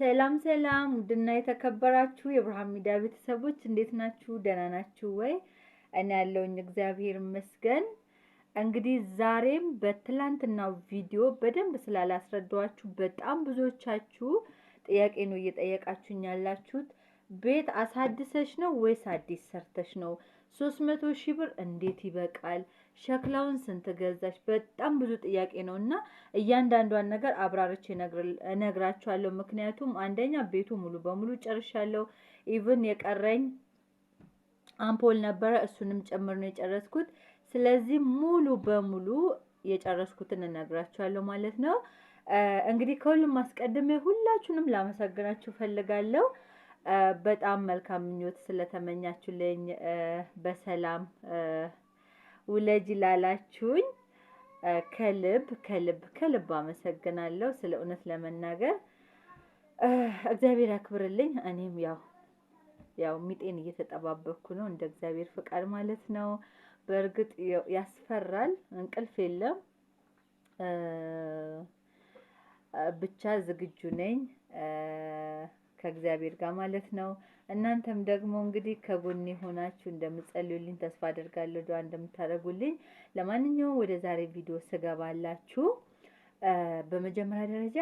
ሰላም ሰላም፣ ውድና የተከበራችሁ የብርሃን ሚዲያ ቤተሰቦች እንዴት ናችሁ? ደህና ናችሁ ወይ? እኔ ያለውኝ እግዚአብሔር ይመስገን። እንግዲህ ዛሬም በትላንትናው ቪዲዮ በደንብ ስላላስረዳኋችሁ በጣም ብዙዎቻችሁ ጥያቄ ነው እየጠየቃችሁኝ ያላችሁት። ቤት አሳድሰሽ ነው ወይስ አዲስ ሰርተሽ ነው ሶስት መቶ ሺህ ብር እንዴት ይበቃል? ሸክላውን ስንት ገዛች? በጣም ብዙ ጥያቄ ነው እና እያንዳንዷን ነገር አብራርቼ እነግራችኋለሁ። ምክንያቱም አንደኛ ቤቱ ሙሉ በሙሉ ጨርሻለሁ። ኢቭን የቀረኝ አምፖል ነበረ፣ እሱንም ጭምር ነው የጨረስኩት። ስለዚህ ሙሉ በሙሉ የጨረስኩትን እነግራችኋለሁ ማለት ነው። እንግዲህ ከሁሉም አስቀድሜ ሁላችሁንም ላመሰግናችሁ ፈልጋለሁ። በጣም መልካም ምኞት ስለተመኛችሁልኝ በሰላም ውለጅ ላላችሁኝ ከልብ ከልብ ከልብ አመሰግናለሁ። ስለ እውነት ለመናገር እግዚአብሔር ያክብርልኝ። እኔም ያው ያው ሚጤን እየተጠባበኩ ነው እንደ እግዚአብሔር ፍቃድ ማለት ነው። በእርግጥ ያስፈራል፣ እንቅልፍ የለም። ብቻ ዝግጁ ነኝ። ከእግዚአብሔር ጋር ማለት ነው። እናንተም ደግሞ እንግዲህ ከጎኔ ሆናችሁ እንደምትጸልዩልኝ ተስፋ አደርጋለሁ፣ ዱዓ እንደምታደርጉልኝ። ለማንኛውም ወደ ዛሬ ቪዲዮ ስገባላችሁ በመጀመሪያ ደረጃ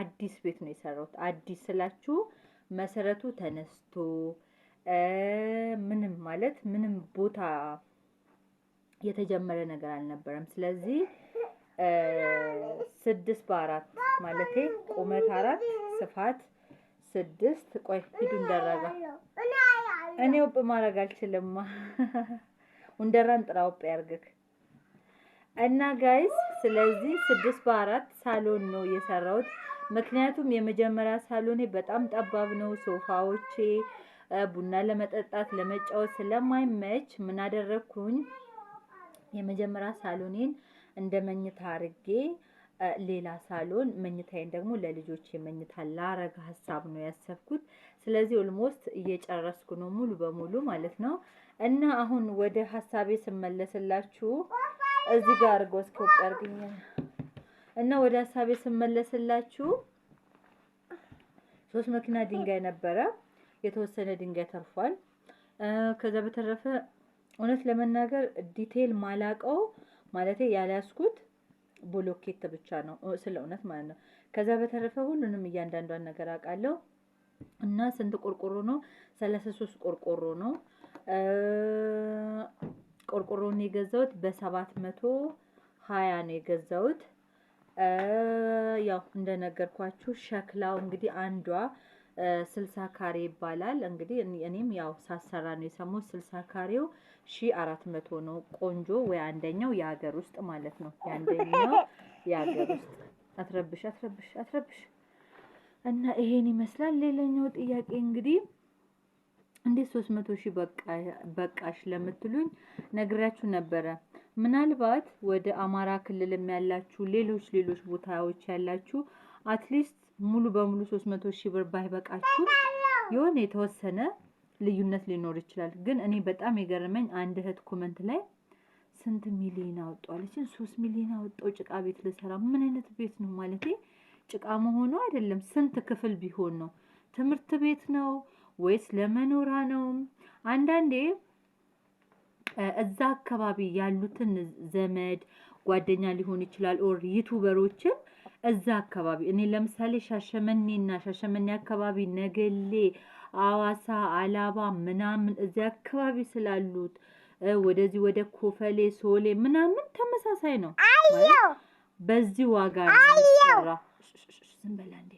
አዲስ ቤት ነው የሰራሁት። አዲስ ስላችሁ መሰረቱ ተነስቶ ምንም ማለት ምንም ቦታ የተጀመረ ነገር አልነበረም። ስለዚህ ስድስት በአራት ማለቴ ቁመት አራት ስፋት ስድስት ቆይ ሂዱ እንደረጋ እኔ ውጥ ማድረግ አልችልማ። እንደራን ጥራ ወጥ ያርግክ እና ጋይስ፣ ስለዚህ ስድስት በአራት ሳሎን ነው የሰራሁት። ምክንያቱም የመጀመሪያ ሳሎኔ በጣም ጠባብ ነው። ሶፋዎቼ ቡና ለመጠጣት ለመጫወት ስለማይመች ምን አደረግኩኝ? የመጀመሪያ ሳሎኔን እንደ መኝታ አርጌ ሌላ ሳሎን መኝታዬን ደግሞ ለልጆች የመኝታ ላረግ ሀሳብ ነው ያሰብኩት። ስለዚህ ኦልሞስት እየጨረስኩ ነው ሙሉ በሙሉ ማለት ነው። እና አሁን ወደ ሀሳቤ ስመለስላችሁ እዚህ ጋር አድርጎ እስከወቅ እና ወደ ሀሳቤ ስመለስላችሁ ሶስት መኪና ድንጋይ ነበረ። የተወሰነ ድንጋይ ተርፏል። ከዛ በተረፈ እውነት ለመናገር ዲቴል ማላቀው ማለት ያልያዝኩት ቦሎኬት ብቻ ነው ስለ እውነት ማለት ነው። ከዛ በተረፈ ሁሉንም እያንዳንዷን ነገር አውቃለሁ። እና ስንት ቆርቆሮ ነው? ሰላሳ ሶስት ቆርቆሮ ነው። ቆርቆሮን የገዛሁት በሰባት መቶ ሀያ ነው የገዛሁት። ያው እንደነገርኳችሁ ሸክላው እንግዲህ አንዷ ስልሳ ካሬ ይባላል። እንግዲህ እኔም ያው ሳሰራ ነው የሰማሁት ስልሳ ካሬው ሺ አራት መቶ ነው። ቆንጆ ወይ አንደኛው የሀገር ውስጥ ማለት ነው። የአንደኛው የሀገር ውስጥ አትረብሽ አትረብሽ አትረብሽ እና ይሄን ይመስላል። ሌላኛው ጥያቄ እንግዲህ እንዴት ሶስት መቶ ሺህ በቃሽ ለምትሉኝ ነግሪያችሁ ነበረ። ምናልባት ወደ አማራ ክልልም ያላችሁ ሌሎች ሌሎች ቦታዎች ያላችሁ አትሊስት ሙሉ በሙሉ ሶስት መቶ ሺህ ብር ባይበቃችሁ የሆነ የተወሰነ ልዩነት ሊኖር ይችላል። ግን እኔ በጣም የገረመኝ አንድ እህት ኮመንት ላይ ስንት ሚሊዮን አወጣዋለችን? ሶስት ሚሊዮን አወጣው ጭቃ ቤት ልሰራ። ምን አይነት ቤት ነው ማለት ጭቃ መሆኑ አይደለም። ስንት ክፍል ቢሆን ነው? ትምህርት ቤት ነው ወይስ ለመኖራ ነው? አንዳንዴ እዛ አካባቢ ያሉትን ዘመድ ጓደኛ ሊሆን ይችላል ኦር ዩቱበሮችን እዛ አካባቢ እኔ ለምሳሌ ሻሸመኔና ሻሸመኔ አካባቢ ነገሌ፣ አዋሳ፣ አላባ ምናምን እዚያ አካባቢ ስላሉት ወደዚህ ወደ ኮፈሌ፣ ሶሌ ምናምን ተመሳሳይ ነው። በዚህ ዋጋ ነው ዝም በላ እንዴ!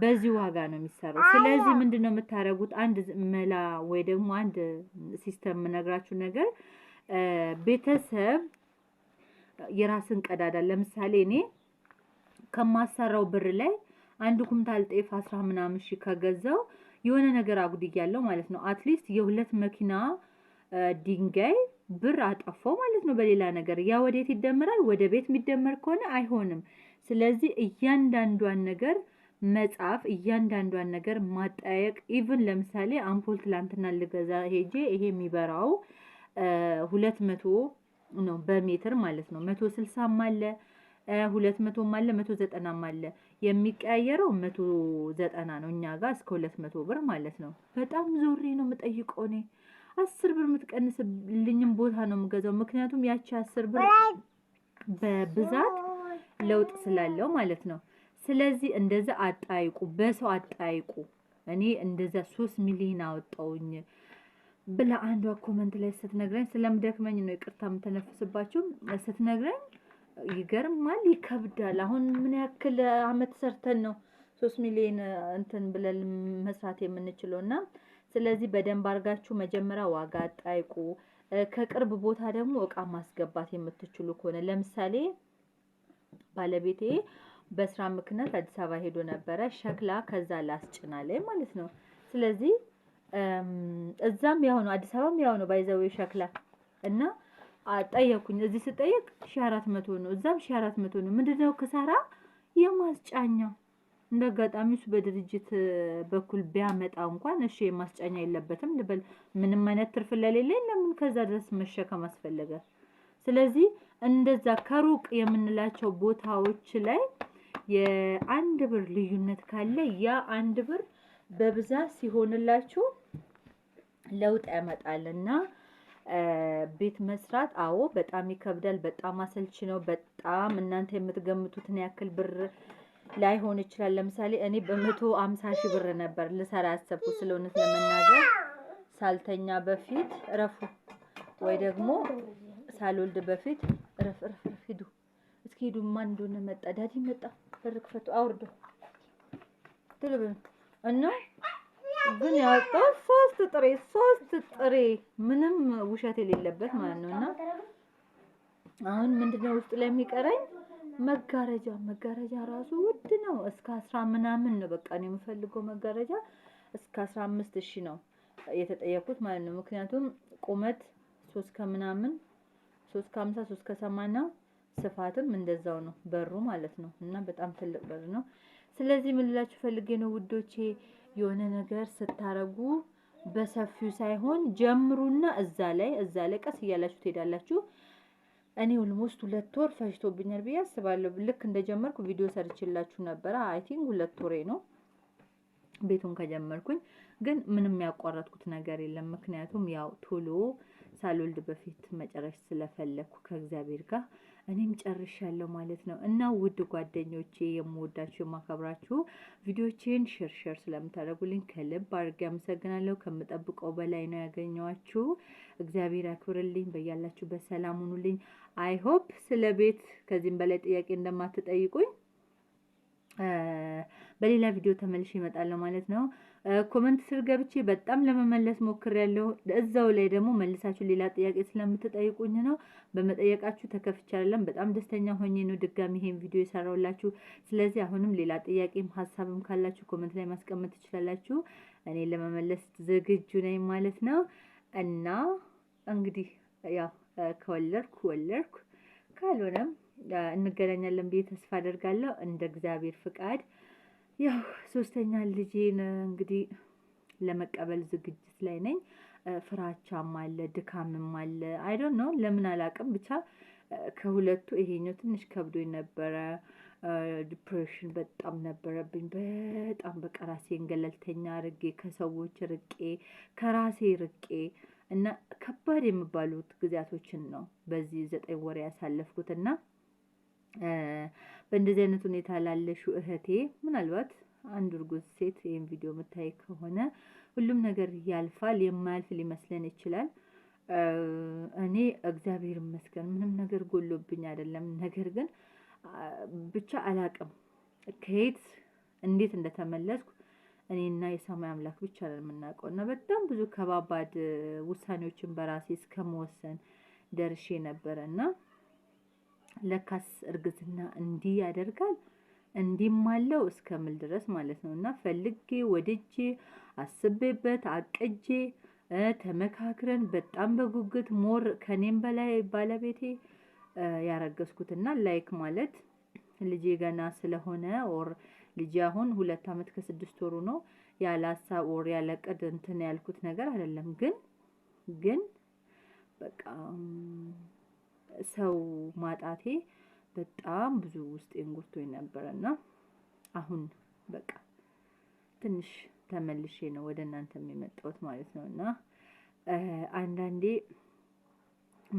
በዚህ ዋጋ ነው የሚሰራው። ስለዚህ ምንድን ነው የምታደርጉት? አንድ መላ ወይ ደግሞ አንድ ሲስተም የምነግራችሁ ነገር ቤተሰብ የራስን ቀዳዳ ለምሳሌ እኔ ከማሰራው ብር ላይ አንድ ኩንታል ጤፍ አስራ ምናምን ሺ ከገዛው የሆነ ነገር አጉድያለሁ ማለት ነው። አትሊስት የሁለት መኪና ድንጋይ ብር አጠፋው ማለት ነው። በሌላ ነገር ያ ወዴት ይደመራል? ወደ ቤት የሚደመር ከሆነ አይሆንም። ስለዚህ እያንዳንዷን ነገር መጻፍ፣ እያንዳንዷን ነገር ማጠያየቅ። ኢቭን ለምሳሌ አምፖል ትላንትና ልገዛ ሄጄ ይሄ የሚበራው ሁለት መቶ ነው በሜትር ማለት ነው። መቶ ስልሳም አለ ሁለት መቶም አለ መቶ ዘጠናም አለ። የሚቀያየረው መቶ ዘጠና ነው እኛ ጋር እስከ ሁለት መቶ ብር ማለት ነው። በጣም ዞሬ ነው የምጠይቀው እኔ አስር ብር የምትቀንስልኝም ቦታ ነው የምገዛው። ምክንያቱም ያቺ አስር ብር በብዛት ለውጥ ስላለው ማለት ነው። ስለዚህ እንደዛ አጣይቁ፣ በሰው አጣይቁ። እኔ እንደዛ ሶስት ሚሊዮን አወጣውኝ ብላ አንዷ ኮመንት ላይ ስትነግረኝ ስለምደክመኝ ነው ይቅርታ የምተነፍስባችሁ ስትነግረኝ ይገርማል፣ ይከብዳል። አሁን ምን ያክል አመት ሰርተን ነው ሶስት ሚሊዮን እንትን ብለን መስራት የምንችለው? እና ስለዚህ በደንብ አድርጋችሁ መጀመሪያ ዋጋ አጣይቁ። ከቅርብ ቦታ ደግሞ እቃ ማስገባት የምትችሉ ከሆነ ለምሳሌ ባለቤቴ በስራ ምክንያት አዲስ አበባ ሄዶ ነበረ። ሸክላ ከዛ ላስጭና ላይ ማለት ነው። ስለዚህ እዛም ያው ነው፣ አዲስ አበባም ያው ነው ባይዘዌ ሸክላ እና ጠየኩኝ። እዚህ ስጠይቅ ሺህ አራት መቶ ነው፣ እዛም ሺ አራት መቶ ነው። ምንድነው ነው ክሳራ የማስጫኛው? እንደ አጋጣሚ እሱ በድርጅት በኩል ቢያመጣ እንኳን እሺ የማስጫኛ የለበትም ልበል። ምንም አይነት ትርፍ ለሌለ ለምን ከዛ ድረስ መሸከም አስፈለገ? ስለዚህ እንደዛ ከሩቅ የምንላቸው ቦታዎች ላይ የአንድ ብር ልዩነት ካለ ያ አንድ ብር በብዛት ሲሆንላችሁ ለውጥ ያመጣልና ቤት መስራት አዎ በጣም ይከብዳል። በጣም አሰልቺ ነው። በጣም እናንተ የምትገምቱትን ያክል ብር ላይሆን ይችላል። ለምሳሌ እኔ በመቶ ሃምሳ ሺህ ብር ነበር ልሰራ ያሰብኩት። ስለ እውነት ለመናገር ሳልተኛ በፊት እረፉ ወይ ደግሞ ሳልወልድ በፊት እረፍ እረፍ እረፍ ሂዱ እስኪ ሂዱ። ማን እንደሆነ መጣ? ዳዲ መጣ። በር ክፈቱ፣ አውርዱ እና ግን ያወጣው ሶስት ጥሬ ሶስት ጥሬ ምንም ውሸት የሌለበት ማለት ነው። እና አሁን ምንድነው ውስጥ ለሚቀረኝ መጋረጃ መጋረጃ ራሱ ውድ ነው። እስከ አስራ ምናምን ነው በቃ ነው የምፈልገው መጋረጃ እስከ አስራ አምስት ሺህ ነው የተጠየኩት ማለት ነው። ምክንያቱም ቁመት ሶስት ከምናምን ሶስት ከሀምሳ ሶስት ከሰማንያ ስፋትም እንደዛው ነው በሩ ማለት ነው። እና በጣም ትልቅ በር ነው። ስለዚህ ምን ልላችሁ ፈልጌ ነው ውዶቼ የሆነ ነገር ስታረጉ በሰፊው ሳይሆን ጀምሩና እዛ ላይ እዛ ላይ ቀስ እያላችሁ ትሄዳላችሁ። እኔ ኦልሞስት ሁለት ወር ፈጅቶብኛል ብዬ አስባለሁ። ልክ እንደጀመርኩ ቪዲዮ ሰርችላችሁ ነበረ። አይ ቲንክ ሁለት ወሬ ነው ቤቱን ከጀመርኩኝ፣ ግን ምንም ያቋረጥኩት ነገር የለም። ምክንያቱም ያው ቶሎ ሳልወልድ በፊት መጨረሽ ስለፈለግኩ ከእግዚአብሔር ጋር እኔም ጨርሻለሁ ማለት ነው። እና ውድ ጓደኞቼ የምወዳችሁ የማከብራችሁ ቪዲዮቼን ሸርሸር ስለምታደርጉልኝ ከልብ አድርጌ አመሰግናለሁ። ከምጠብቀው በላይ ነው ያገኘዋችሁ። እግዚአብሔር ያክብርልኝ። በያላችሁ በሰላም ሁኑልኝ። አይሆፕ ስለ ቤት ከዚህም በላይ ጥያቄ እንደማትጠይቁኝ በሌላ ቪዲዮ ተመልሼ እመጣለሁ ማለት ነው። ኮመንት ስር ገብቼ በጣም ለመመለስ ሞክሬያለሁ። እዛው ላይ ደግሞ መልሳችሁ ሌላ ጥያቄ ስለምትጠይቁኝ ነው። በመጠየቃችሁ ተከፍቻለን። በጣም ደስተኛ ሆኜ ነው ድጋሚ ይሄን ቪዲዮ የሰራሁላችሁ። ስለዚህ አሁንም ሌላ ጥያቄም ሀሳብም ካላችሁ ኮመንት ላይ ማስቀመጥ ትችላላችሁ። እኔ ለመመለስ ዝግጁ ነኝ ማለት ነው እና እንግዲህ ያው ከወለድኩ ወለድኩ ካልሆነም እንገናኛለን ብዬ ተስፋ አደርጋለሁ እንደ እግዚአብሔር ፍቃድ ያው ሶስተኛ ልጄን እንግዲህ ለመቀበል ዝግጅት ላይ ነኝ። ፍራቻም አለ፣ ድካምም አለ። አይዶን ነው ለምን አላውቅም። ብቻ ከሁለቱ ይሄኛው ትንሽ ከብዶኝ ነበረ። ዲፕሬሽን በጣም ነበረብኝ። በጣም በቃ ራሴን ገለልተኛ ርቄ ከሰዎች ርቄ ከራሴ ርቄ እና ከባድ የሚባሉት ጊዜያቶችን ነው በዚህ ዘጠኝ ወር ያሳለፍኩት እና በእንደዚህ አይነት ሁኔታ ላለሹ እህቴ ምናልባት አንድ እርጉዝ ሴት ይህን ቪዲዮ የምታይ ከሆነ ሁሉም ነገር ያልፋል፣ የማያልፍ ሊመስለን ይችላል። እኔ እግዚአብሔር ይመስገን ምንም ነገር ጎሎብኝ አይደለም። ነገር ግን ብቻ አላቅም ከየት እንዴት እንደተመለስኩ እኔና የሰማይ አምላክ ብቻ ነው የምናውቀው። እና በጣም ብዙ ከባባድ ውሳኔዎችን በራሴ እስከመወሰን ደርሼ ነበረ እና ለካስ እርግዝና እንዲህ ያደርጋል እንዲህም አለው እስከምል ድረስ ማለት ነው። እና ፈልጌ ወድጄ አስቤበት አቅጄ ተመካክረን በጣም በጉጉት ሞር ከኔም በላይ ባለቤቴ ያረገዝኩት እና ላይክ ማለት ልጄ ገና ስለሆነ ኦር ልጄ አሁን ሁለት አመት ከስድስት ወሩ ነው። ያለ ሀሳብ ኦር ያለ ቅድ እንትን ያልኩት ነገር አይደለም። ግን ግን በቃ ሰው ማጣቴ በጣም ብዙ ውስጤን ጎድቶኝ ነበረ እና አሁን በቃ ትንሽ ተመልሼ ነው ወደ እናንተ የመጣሁት ማለት ነው። እና አንዳንዴ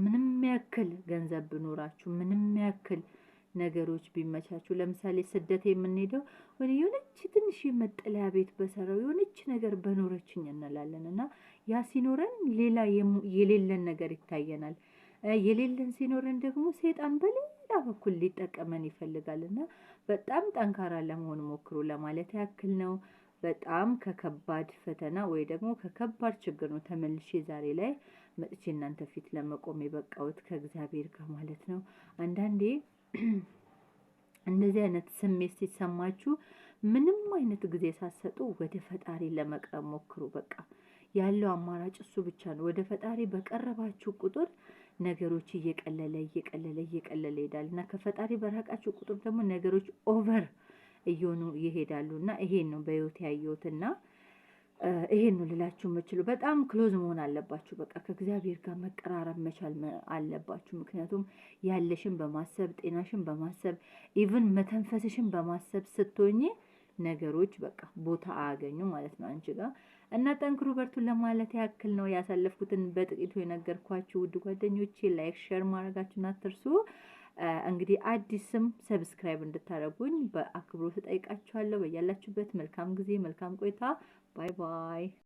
ምንም ያክል ገንዘብ ብኖራችሁ፣ ምንም ያክል ነገሮች ቢመቻችሁ፣ ለምሳሌ ስደት የምንሄደው ወደ የሆነች ትንሽ መጠለያ ቤት በሰራው የሆነች ነገር በኖረችኝ እንላለን እና ያ ሲኖረን ሌላ የሌለን ነገር ይታየናል። የሌለን ሲኖረን ደግሞ ሴጣን በሌላ በኩል ሊጠቀመን ይፈልጋል እና በጣም ጠንካራ ለመሆን ሞክሩ ለማለት ያክል ነው። በጣም ከከባድ ፈተና ወይ ደግሞ ከከባድ ችግር ነው ተመልሼ ዛሬ ላይ መጥቼ እናንተ ፊት ለመቆም የበቃሁት ከእግዚአብሔር ጋር ማለት ነው። አንዳንዴ እንደዚህ አይነት ስሜት ሲሰማችሁ ምንም አይነት ጊዜ ሳትሰጡ ወደ ፈጣሪ ለመቅረብ ሞክሩ። በቃ ያለው አማራጭ እሱ ብቻ ነው። ወደ ፈጣሪ በቀረባችሁ ቁጥር ነገሮች እየቀለለ እየቀለለ እየቀለለ ይሄዳል እና ከፈጣሪ በራቃችሁ ቁጥር ደግሞ ነገሮች ኦቨር እየሆኑ ይሄዳሉ እና ይሄን ነው በህይወት ያየሁት እና ይሄን ነው ልላችሁ የምችሉ። በጣም ክሎዝ መሆን አለባችሁ። በቃ ከእግዚአብሔር ጋር መቀራረብ መቻል አለባችሁ። ምክንያቱም ያለሽን በማሰብ ጤናሽን በማሰብ ኢቭን መተንፈስሽን በማሰብ ስትሆኝ ነገሮች በቃ ቦታ አያገኙ ማለት ነው አንቺ ጋር እና ጠንክሩ በርቱን ለማለት ያክል ነው ያሳለፍኩትን በጥቂቱ የነገርኳችሁ። ውድ ጓደኞቼ ላይክ፣ ሼር ማድረጋችሁን አትርሱ። እንግዲህ አዲስም ሰብስክራይብ እንድታደርጉኝ በአክብሮት እጠይቃችኋለሁ። በያላችሁበት መልካም ጊዜ፣ መልካም ቆይታ። ባይ ባይ።